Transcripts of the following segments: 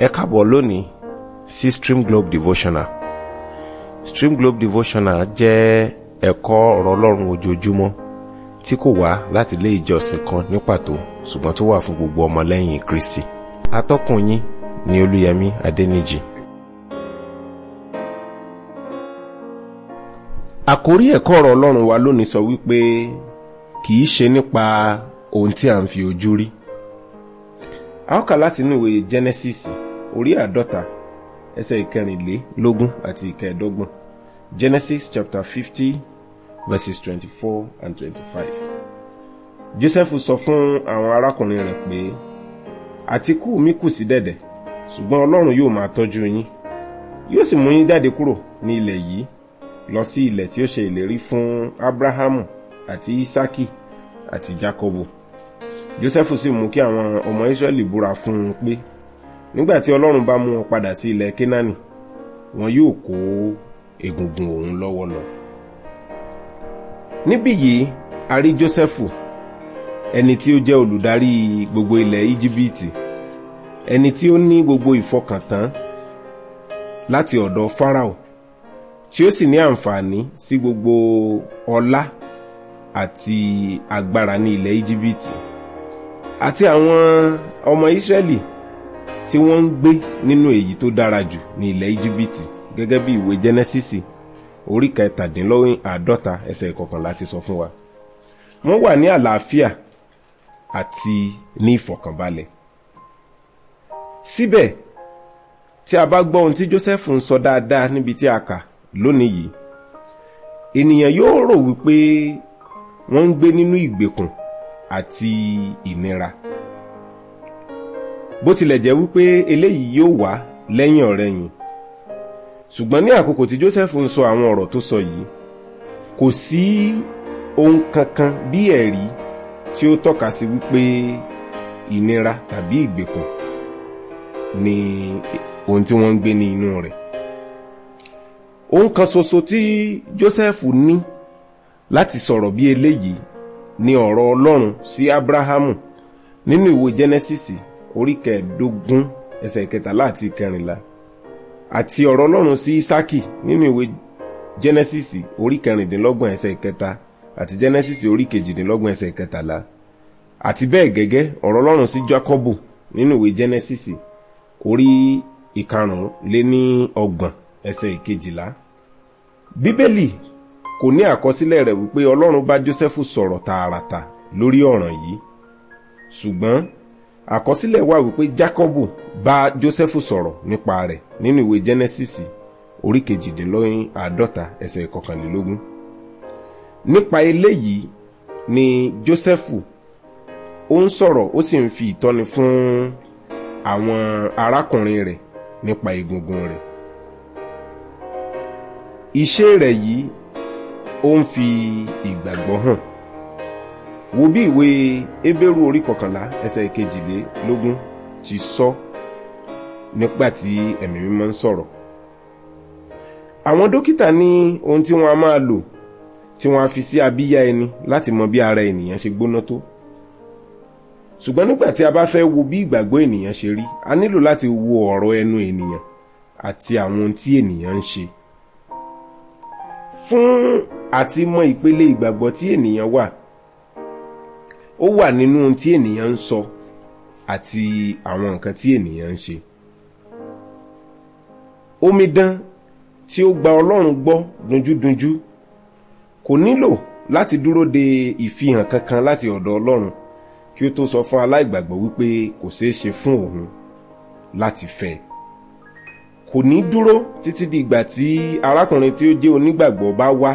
ẹ káàbọ̀ lónìí sí Stream Globe Devotional Stream Globe Devotional jẹ́ ẹ̀kọ́ ọ̀rọ̀ ọlọ́run ojoojúmọ́ tí kò wá láti ilé ìjọsìn kan ní pàtó ṣùgbọ́n tó wà fún gbogbo ọmọlẹ́yìn Kristi atọ́kùn yín ni Olúyẹmí Adẹ́nìjì. àkórí ẹ̀kọ́ ọ̀rọ̀ ọlọ́run wa lónìí sọ wípé kì í ṣe nípa ohun tí a ń fi ojú rí a ó kà láti inú ìwé Genesis orí àádọ́ta ẹsẹ̀ ìkẹrìnlélógún àti ìkẹẹ̀dọ́gbọ̀n Genesis chapter fifty verses twenty-four and twenty-five. Joseph sọ fún àwọn arákùnrin rẹ̀ pé àtikú mi kù sí dẹ̀dẹ̀ ṣùgbọ́n Ọlọ́run yóò máa tọ́jú yín yóò sì mú yín jáde kúrò ní ilẹ̀ yìí lọ sí ilẹ̀ tí ó ṣe ìlérí fún Abrahamu àti Isaki àti Jacobo Joseph sì mú kí àwọn ọmọ Israẹli búra fún un pé nígbàtí ọlọ́run bá mú wọn padà sí ilẹ̀ kénáánì wọn yóò kó egungun òun lọ́wọ́ lọ. níbí yìí a rí jósẹ́fù ẹni tí ó jẹ́ olùdarí gbogbo ilẹ̀ íjíbítì ẹni tí ó ní gbogbo ìfọkàntán láti ọ̀dọ̀ fáráò tí ó sì ní àǹfààní sí gbogbo ọlá àti agbára ní ilẹ̀ íjíbítì àti àwọn ọmọ ìsírẹ́lì tí wọ́n ń gbé nínú èyí tó dára jù ní ilẹ̀ íjíbítì gẹ́gẹ́ bí ìwé jẹ́nẹ́sísì orí kẹtàdínlọ́wọ́ àádọ́ta ẹsẹ̀ ìkọkànlá ti sọ fún wa wọ́n wà ní àlàáfíà àti ní ìfọ̀kànbalẹ̀ síbẹ̀ tí a bá gbọ́ ohun tí Joseph ń sọ dáadáa níbi tí a kà lónìí yìí ènìyàn yóò rò wípé wọ́n ń gbé nínú ìgbèkùn àti ìnira bó tilẹ̀ jẹ́ wípé eléyìí yóò wá lẹ́yìn ọ̀rẹ̀yìn ṣùgbọ́n ní àkókò tí Joseph ń sọ àwọn ọ̀rọ̀ tó sọ yìí kò sí ohun kankan bí ẹ̀rí tí ó tọ́ka sí wípé ìnira tàbí ìgbèkùn ni ohun tí wọ́n ń gbé ní inú rẹ̀ ohun kan ṣoṣo tí Joseph ní láti sọ̀rọ̀ bí eléyìí ni ọ̀rọ̀ Ọlọ́run sí Abrahamu nínú ìwé Genesis orí kẹẹ̀ẹ́dógún ẹsẹ̀ ìkẹtàlá àti ìkẹrìnlá àti ọ̀rọ̀ ọlọ́run sí Ísákì nínú ìwé jẹ́nẹ́sìsì orí kẹrìndínlọ́gbọ̀n ẹsẹ̀ ìkẹta àti jẹ́nẹ́sìsì orí kejìdínlọ́gbọ̀n ẹsẹ̀ ìkẹtàlá àti bẹ́ẹ̀ gẹ́gẹ́ ọ̀rọ̀ ọlọ́run sí Jákọ́bù nínú ìwé jẹ́nẹ́sìsì orí ìkarùn-ún lé ní ọgbọ̀n ẹsẹ̀ ìkejìlá bíbélì kò ní àkọsílẹ̀ rẹ̀ wípé ọlọ́run bá Jósẹ́fù sọ̀rọ̀ tààràtà lórí ọ̀ràn yìí ṣùgbọ́n àkọsílẹ̀ wà wípé Jákọ́bù bá Jósẹ́fù sọ̀rọ̀ nípa rẹ̀ nínú ìwé Jẹ́nẹ́sísì orí kejìdínlọ́yìn àádọ́ta ẹsẹ̀ kọkànlélógún nípa eléyìí ni Jósẹ́fù ó ń sọ̀rọ̀ ó sì ń fi ìtọ́ni fún àwọn arákùnrin rẹ̀ nípa egungun rẹ̀ iṣẹ́ rẹ̀ yìí ó ń fi ìgbàgbọ́ hàn wo bí ìwé ebéèrú orí kọkànlá ẹsẹ̀ ìkejìlélógún ti sọ nígbà tí ẹ̀mí mímọ́ ń sọ̀rọ̀ àwọn dókítà ní ohun tí wọ́n a máa lò tí wọ́n a fi sí abíyá ẹni láti mọ bí ara ènìyàn ṣe gbóná tó ṣùgbọ́n nígbà tí a bá fẹ́ wo bí ìgbàgbọ́ ènìyàn ṣe rí a nílò láti wo ọ̀rọ̀ ẹnu ènìyàn àti àwọn ohun tí ènìyàn ń ṣe fún àti mọ ìpele ìgbàgbọ́ tí ènìyàn wà ó wà nínú ohun tí ènìyàn ń sọ àti àwọn nǹkan tí ènìyàn ń ṣe omidan tí ó gba ọlọ́run gbọ́ dunjúdunjú kò nílò láti dúró de ìfihàn kankan láti ọ̀dọ̀ ọlọ́run kí ó tó sọ fún aláìgbàgbọ́ wípé kò ṣeé ṣe fún òun láti fẹ́ kò ní dúró títí di ìgbà tí arákùnrin tí ó jẹ́ onígbàgbọ́ bá wá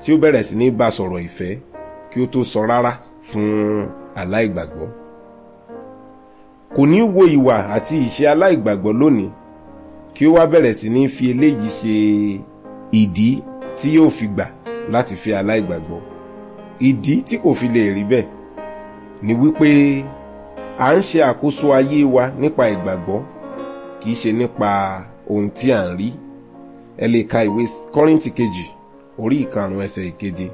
tí ó bẹ̀rẹ̀ sí ní bá sọ̀rọ̀ ìfẹ́ kí ó tó sọ rárá fún aláìgbàgbọ́ kò ní wo ìwà àti ìṣe aláìgbàgbọ́ lónìí kí ó wá bẹ̀rẹ̀ sí ní fi eléyìí ṣe ìdí tí yóò fi gbà láti fi aláìgbàgbọ́ ìdí tí kò fi lè rí bẹ́ẹ̀ ni wípé à ń ṣe àkóso ayé wa nípa ìgbàgbọ́ kì í ṣe nípa ohun tí à ń rí ẹ lè ka ìwé kọ́rìntì kejì orí ìkarùn-ún ẹsẹ̀ ìkeje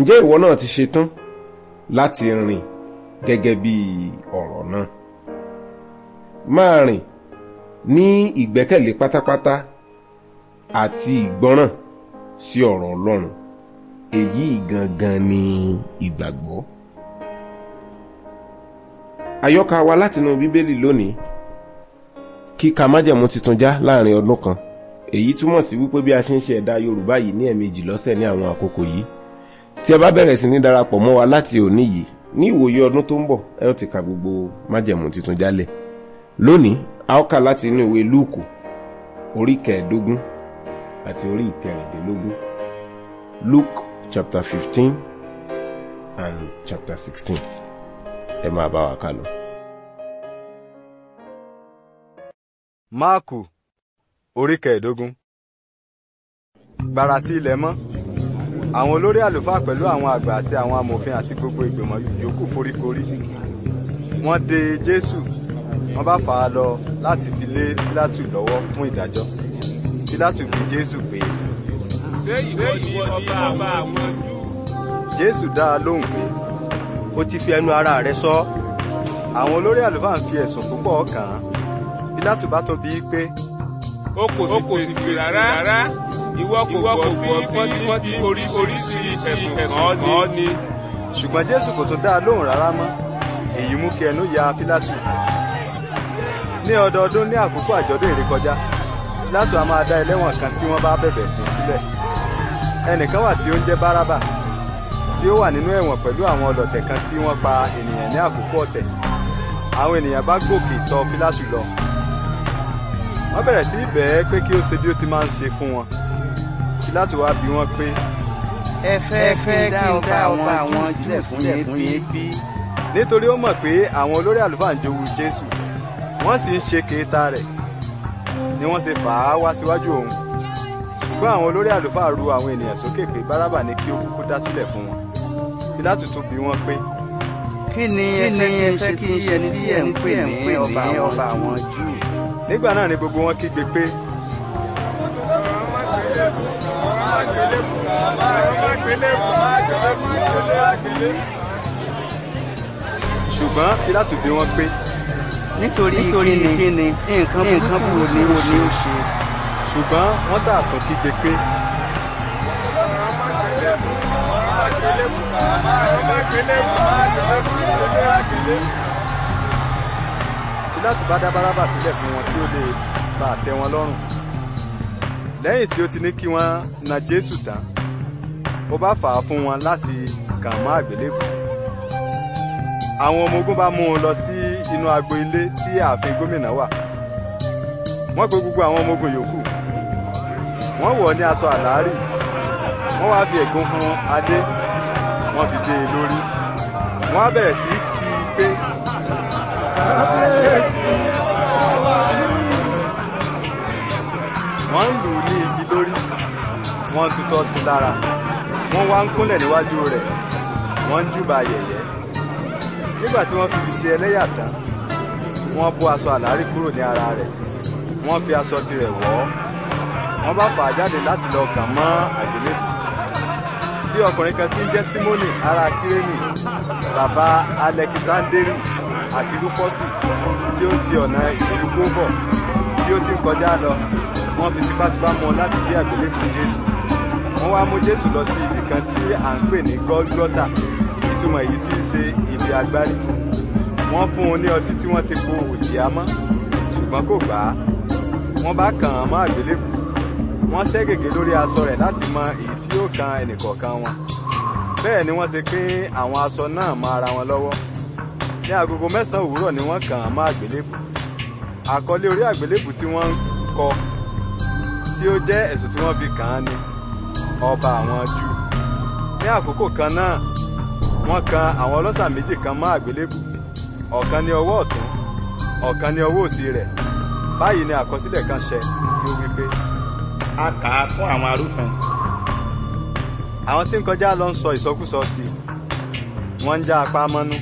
ǹjẹ́ ìwọ náà ti ṣetán láti rìn gẹ́gẹ́ bí ọ̀rọ̀ náà máa rìn ní ìgbẹ́kẹ̀lé pátápátá àti ìgbọ́ràn sí ọ̀rọ̀ Ọlọ́run èyí gangan ni ìgbàgbọ́ àyọkà wa látinú bíbélì lónìí kíka májẹ̀mú tuntun já láàrin ọdún kan èyí túmọ̀ sí wípé bí a ṣe ń ṣe ẹ̀dà Yorùbá yìí ní ẹ̀ẹ̀mejì lọ́sẹ̀ ní àwọn àkókò yìí tí ẹ bá bẹ̀rẹ̀ sí ní darapọ̀ mọ́ wa láti òní yìí ní ìwòye ọdún tó ń bọ̀ ẹ ó ti ka gbogbo májẹ̀mú tuntun jálẹ̀ lónìí a ó kà láti inú ìwé lúùkù orí kẹẹ̀ẹ́dógún àti orí ìkẹrìndínlógún luke chapter fifteen and chapter sixteen ẹ máa bá wa kà lọ. máàkù orí kẹẹ̀ẹ́dógún gbàrà tí ilẹ̀ mọ́ àwọn olórí àlùfáà pẹ̀lú àwọn àgbà àti àwọn amòfin àti gbogbo ìgbìmọ̀ yòókù foríkorí wọ́n de jésù wọ́n bá fà á lọ láti fi lé pílátù lọ́wọ́ fún ìdájọ́ pílátù bi jésù pé. ṣé ìwọ ni ọba àbá àwọn júù. jésù dá a lóhùn pé. ó ti fi ẹnu ara rẹ̀ sọ. àwọn olórí àlùfáà ń fi ẹ̀sùn púpọ̀ kàn án pílátù bá tó bi í pé. o kò sì fèsì rárá ìwọ kò gbọ́ bí wọ́n ti oríṣiríṣi ẹ̀sùn kàn án ni. ṣùgbọ́n jésù kò tún dá a lóhùn rárá mọ́ èyí mú kí ẹnu ya pílátù ní ọdọọdún ní àkókò àjọ̀dún ìrékọjá pílátù a máa dá ẹlẹ́wọ̀n kan tí wọ́n bá bẹ̀bẹ̀ fún sílẹ̀ ẹnìkan wà tí ó ń jẹ́ bárábà tí ó wà nínú ẹ̀wọ̀n pẹ̀lú àwọn ọlọ̀tẹ̀ kan tí wọ́n pa ènìyàn ní àkókò ọ̀tẹ̀ àwọn ènìyàn bá gòkè tọ̀ pílátù lọ wọ́n bẹ̀rẹ̀ sí í bẹ̀ẹ́ pé kí ó ṣe bí ó ti máa ń ṣe fún wọn láti wá bi wọ́n pé. ẹ fẹ́ fẹ́ kí n dá ọba àwọn júù sílẹ̀ fún yín bí. nítorí ó mọ̀ pé àwọn olórí àlùfáà ń jowú jésù wọ́n sì ń ṣe kéta rẹ̀ ni wọ́n ṣe fà á wá síwájú òun ṣùgbọ́n àwọn olórí àlùfáà ru àwọn ènìyàn sókè pé bárábà ní kí ó kúkú dá sílẹ̀ fún wọn pílátù tún bi wọ́n pé. kí ni ẹ fẹ́ kí n ṣe sí ẹni tí ẹ ń pè ní ọba àwọn júù. nígbà náà ni gbogbo wọn kígbe pé. ṣùgbọ́n Pílátù bí wọ́n pé nítorí kí ni nǹkan nǹkan ni ó ṣe ṣùgbọ́n wọ́n ṣàtọ̀ kígbe pé. Pílátù bá dá Bárábà sílẹ̀ fún wọn kí ó lè bá tẹ́ wọn lọ́rùn lẹ́yìn tí ó ti ní kí wọ́n na Jésù tán ó bá fà á fún wọn láti kàn mọ́ àgbélébùú àwọn ọmọ ogun bá mú un lọ sí inú agbo ilé tí ààfin gómìnà wà wọ́n pe gbogbo àwọn ọmọ ogun yòókù wọ́n wọ̀ ní aṣọ àlárì wọ́n wá fi ẹ̀gún fún adé wọ́n fi dé e lórí wọ́n á bẹ̀rẹ̀ sí kí i pé. wọ́n lù ú ní igi lórí wọ́n tutọ́ sí lára wọ́n wá ń kúnlẹ̀ níwájú rẹ̀ wọ́n ń júbà yẹ̀yẹ́ nígbà tí wọ́n fi fi ṣe ẹlẹ́yà tán wọ́n bó aṣọ àlárí kúrò ní ara rẹ̀ wọ́n fi aṣọ tirẹ̀ wọ̀ wọ́n bá fà á jáde láti lọ kàn mọ́ àgbélébù bí ọkùnrin kan tí ń jẹ́ símónì ará kírénì bàbá alẹ́kisándérì àti rúfọ́sì tí ó ti ọ̀nà ìlú gbó bọ̀ ó ti ń kọjá lọ wọ́n fi tipátipá mọ́ láti gbé àgbélébù jésù wọ́n wá mú jésù lọ sí ibi kan tí à ń pè ní gọ́lgọ́tà ìtumọ̀ èyí tí ṣe ibi agbárí wọ́n fún un ní ọtí tí wọ́n ti po òjì àmọ́ ṣùgbọ́n kò gbà á wọ́n bá kàn án mọ́ àgbélébù wọ́n ṣẹ́ gègé lórí aṣọ rẹ̀ láti mọ èyí tí yóò kan ẹnìkọ̀ọ̀kan wọn bẹ́ẹ̀ ni wọ́n ṣe pín àwọn aṣọ náà mọ́ ara wọn lọ́wọ́ ní agogo mẹ́sàn-án òwúrọ̀ ni wọ́n kàn án mọ́ àgbélébù àkọlé orí àgbélébù tí wọ́n ń kọ tí ó jẹ́ ẹ̀sùn tí wọ́n fi kàn án ni ọba àwọn júù ní àkókò kan náà wọ́n kan àwọn ọlọ́ṣà méjì kan mọ́ àgbélébù ọ̀kan ní ọwọ́ ọ̀tún ọ̀kan ní ọwọ́ òsì rẹ̀ báyìí ni àkọsílẹ̀ kan ṣẹ tí ó wí pé. a kà á fún àwọn arúfin. àwọn tí ń kọjá lọ ń sọ ìsọkúsọ sí i wọ́n ń já apá mọ́nú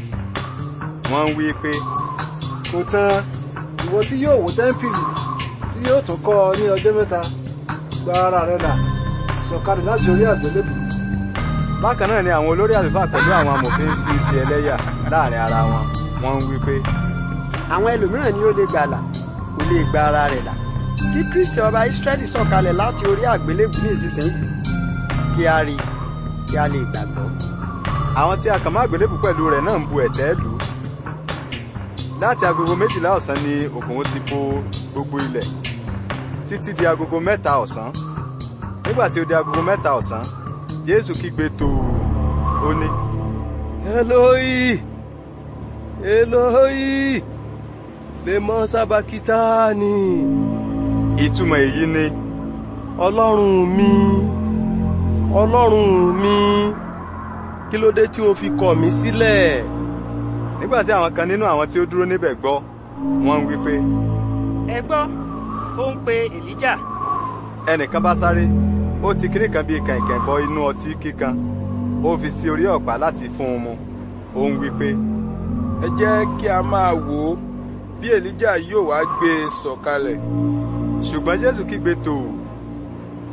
wọ́n ń wí pé. kò tán ìwọ tí yóò wò tẹ́ńpìlì tí yóò tún kọ́ ọ ní ọjọ́ mẹ́ta gba ara rẹ là. sọ̀kalẹ̀ láti orí àgbélébùú. bákan náà ni àwọn olórí àlùfáà pẹ̀lú àwọn amòfin fi ń ṣe ẹlẹ́yà láàrin ara wọn wọ́n ń wí pé. àwọn ẹlòmíràn ni ó lè gbàlà kò lè gba ara rẹ̀ là kí kristi ọba ìsírẹ́lì sọ̀kalẹ̀ láti orí àgbélébùú ní ìsinsìnyí kí a rí kí a lè gbàgbọ́. àwọn tí a kàn mọ́ àgbélébùú pẹ̀lú rẹ̀ náà ń bu ẹ̀tẹ́ lù ú láti agogo méjìlá ọ̀sán ni òkùnkùn ti bo gbogbo ilẹ̀ títí di agogo mẹ́ta ọ̀sán nígbà tí ó di agogo mẹ́ta ọ̀sán jésù kígbe tòò ó ní. eloi eloi lemọ sábàkítàánì. ìtumọ̀ èyí ni ọlọ́run mi ọlọ́run mi kí ló dé tí o fi kọ̀ mí sílẹ̀. nígbà tí àwọn kan nínú àwọn tí ó dúró níbẹ̀ gbọ́ wọ́n ń wí pé. ẹ gbọ́ ó ń pe èlíjà. ẹnìkan bá sáré ó ti kíní kan bíi kẹ̀kẹ́ bọ inú ọtí kíkan ó fi sí orí ọ̀pá láti fún un mu ó ń wí pé. ẹ jẹ́ kí a máa wò ó bí èlíjà yóò wá gbé e sọ̀kalẹ̀. ṣùgbọ́n jésù kígbe tòò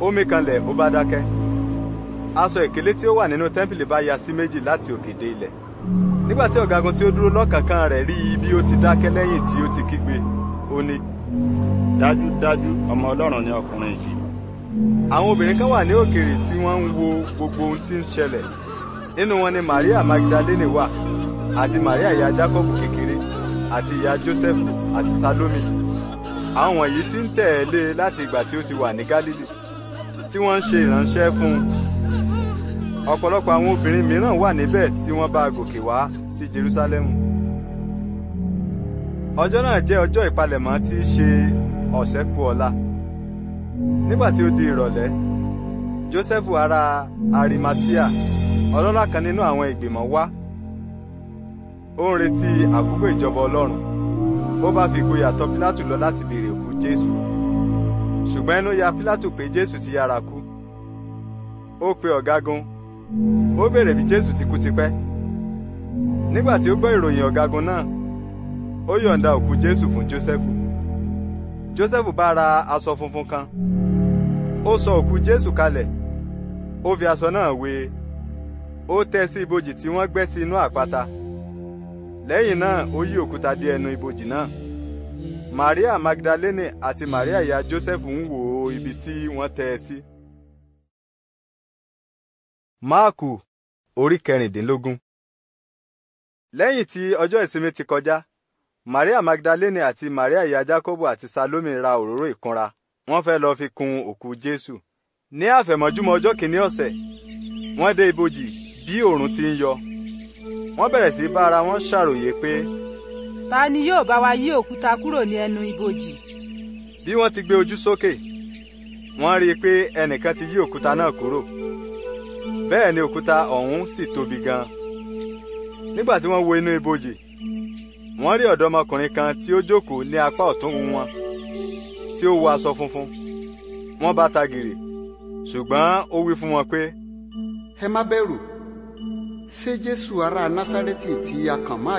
ó mí kanlẹ̀ ó bá dákẹ́ aṣọ ìkélé tí ó wà nínú tẹ́ḿpìlì bá ya sí méjì láti òkè dé ilẹ̀ nígbà tí ọ̀gágun tí ó dúró lọ́kànkán rẹ̀ rí i bí ó ti dákẹ́ lẹ́yìn tí ó ti kígbe ó ní. dájúdájú ọmọ ọlọ́run ni ọkùnrin yìí àwọn obìnrin kan wà ní òkèèrè tí wọ́n ń wo gbogbo ohun tí ń ṣẹlẹ̀ nínú wọn ni maria magdalene wà àti maria ìyá jacobu kékeré àti ìyá joseph àti salome àwọn wọ̀nyí tí ń tẹ̀lé e láti ìgbà tí ó ti wà ní galili tí wọ́n ń ṣe ìránṣẹ́ fún un ọ̀pọ̀lọpọ̀ àwọn obìnrin mìíràn wà níbẹ̀ tí wọ́n bá gòkè wá sí jerusalemu ọjọ́ náà jẹ́ ọjọ́ ìpalẹ̀mọ́ tí í ṣe ọ̀sẹ̀ kù ọ̀la nígbà tí ó di ìrọ̀lẹ́ jósẹ́fù ará arimatia ọlọ́lá kan nínú àwọn ìgbìmọ̀ wá ó ń retí àkókò ìjọba ọlọ́run ó bá fi ìgboyà tọ̀ pílátù lọ láti béèrè òkú jésù ṣùgbọ́n inú ya pílátù pé jésù ti yára kú ó pe ọ̀gágun ó béèrè bí jésù ti kú tipẹ́ nígbà tí ó gbọ́ ìròyìn ọ̀gágun náà ó yọ̀ǹda òkú jésù fún jósẹ́fù joseph bá ra aṣọ funfun kan ó sọ òkú jésù kalẹ̀ ó fi aṣọ náà wé e ó tẹ́ sí ibojì tí wọ́n gbẹ́ sí inú àpáta lẹ́yìn náà ó yí òkúta dé ẹnu ibojì náà maria magdalene àti maria ìyá joseph ń wò ó ibi tí wọ́n tẹ́ ẹ sí. máàkù orí kẹrìndínlógún lẹ́yìn tí ọjọ́ ìsinmi ti kọjá maria magdalene àti maria ìyá jacobo àti salome ra òróró ìkunra wọ́n fẹ́ lọ fi kun òkú jésù ní àfẹ̀mọ́júmọ́ ọjọ́ kìíní ọ̀sẹ̀ wọ́n dé ibojì bí òòrùn ti ń yọ wọ́n bẹ̀rẹ̀ sí bá ara wọn ṣàròyé pé. ta ni yóò bá wa yí òkúta kúrò ní ẹnu ibojì. bí wọ́n ti gbé ojú sókè wọ́n rí i pé ẹnìkan ti yí òkúta náà kúrò bẹ́ẹ̀ ni òkúta ọ̀hún sì tóbi gan-an nígbà tí wọ́n wo inú ibojì wọ́n rí ọ̀dọ́mọkùnrin kan tí ó jókòó ní apá ọ̀tún wọn tí ó wọ aṣọ funfun wọ́n bá ta gìrì ṣùgbọ́n ó wí fún wọn pé. ẹ má bẹ̀rù ṣé jésù ará násárẹ́tì tí a kàn mọ́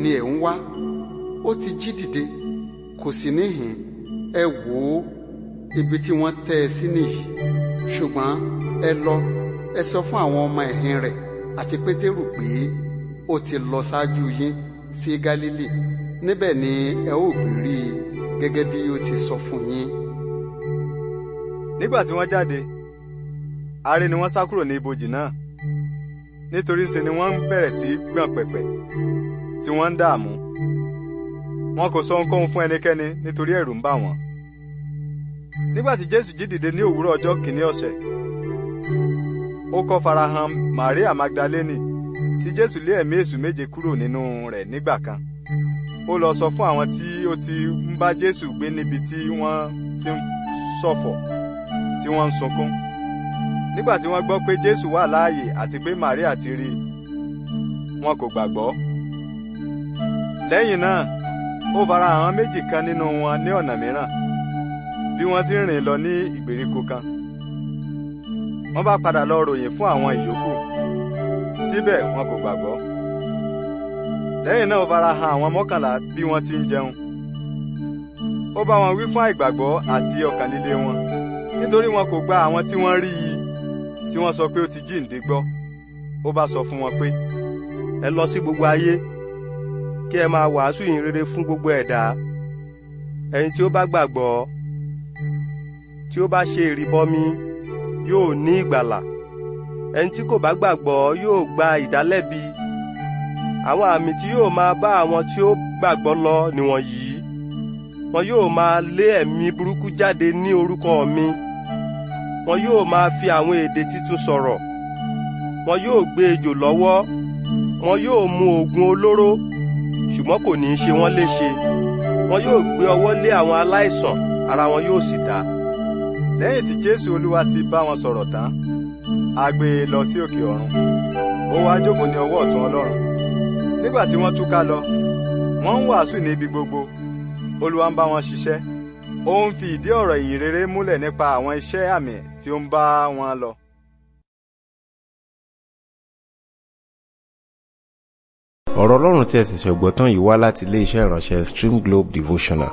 ni ẹ̀ ń wá ó ti jí dìde kò sí níhìn ẹ wò ó ibi tí wọ́n tẹ́ ẹ sí nìyí ṣùgbọ́n ẹ lọ ẹ sọ fún àwọn ọmọ ẹ̀hìn rẹ̀ àti pétérù pé ó ti lọ ṣáájú yín sí Galili níbẹ̀ ni ẹ ó gbé rí i gẹ́gẹ́ bí ó ti sọ fún yín. nígbà tí wọ́n jáde aré ni wọ́n sá kúrò ní ibojì náà nítorí ṣe ni wọ́n ń bẹ̀rẹ̀ sí í gbọ̀n pẹ̀pẹ̀ tí wọ́n ń dààmú wọn kò sọ ohunkóhun fún ẹnikẹ́ni nítorí ẹ̀rù ń bà wọ́n. nígbà tí jésù jí dìde ní òwúrọ̀ ọjọ́ kìíní ọ̀sẹ̀ ó kọ́ farahàn maria magdalene tí jésù lé ẹ̀mí èṣù méje kúrò nínú rẹ̀ nígbà kan ó lọ sọ fún àwọn tí ó ti ń bá jésù gbé níbi tí wọ́n ti ń ṣọ̀fọ̀ tí wọ́n ń sunkún nígbà tí wọ́n gbọ́ pé jésù wà láàyè àti pé màríà ti rí i wọn kò gbàgbọ́ lẹ́yìn náà ó fara àwọn méjì kan nínú wọn ní ọ̀nà mìíràn bí wọ́n ti rìn lọ ní ìgbèríko kan wọ́n bá padà lọ ròyìn fún àwọn ìyókù síbẹ̀ wọn kò gbàgbọ́. lẹ́yìn náà ó fara hàn àwọn mọ́kànlá bí wọ́n ti ń jẹun. ó bá wọn wí fún àìgbàgbọ́ àti ọkàn líle wọn nítorí wọn kò gba àwọn tí wọ́n rí i tí wọ́n sọ pé ó ti jíǹde gbọ́. ó bá sọ fún wọn pé ẹ lọ sí gbogbo ayé kí ẹ máa wàásù ìyìn rere fún gbogbo ẹ̀dá ẹni tí ó bá gbàgbọ́ tí ó bá ṣe ìrìbọmi yóò ní ìgbàlà ẹni tí kò bá gbàgbọ́ yóò gba ìdálẹ́bi àwọn àmì tí yóò máa bá àwọn tí ó gbàgbọ́ lọ nìwọ̀nyí wọn yóò máa lé ẹ̀mí burúkú jáde ní orúkọ mi wọn yóò máa fi àwọn èdè titun sọ̀rọ̀ wọn yóò gbé ejò lọ́wọ́ wọn yóò mu oògùn olóró ṣùgbọ́n kò ní í ṣe wọ́n léṣe wọn yóò gbé ọwọ́ lé àwọn aláìsàn ara wọn yóò sì dá. lẹ́yìn tí jésù olúwa ti bá wọn sọ̀rọ̀ tán a gbé e lọ sí òkè ọ̀run ó wá jókòó ní ọwọ́ ọ̀tún ọlọ́run nígbà tí wọ́n túká lọ wọ́n ń wàásù ní gbogbo olúwa ń bá wọn ṣiṣẹ́ ó ń fi ìdí ọ̀rọ̀ ìyìn rere múlẹ̀ nípa àwọn iṣẹ́ àmì tí ó ń bá wọn lọ. ọ̀rọ̀ ọlọ́run tí ẹ sì ṣẹ̀gbọ́n tán yìí wá láti ilé iṣẹ́ ìránṣẹ́ Stream Globe Devotional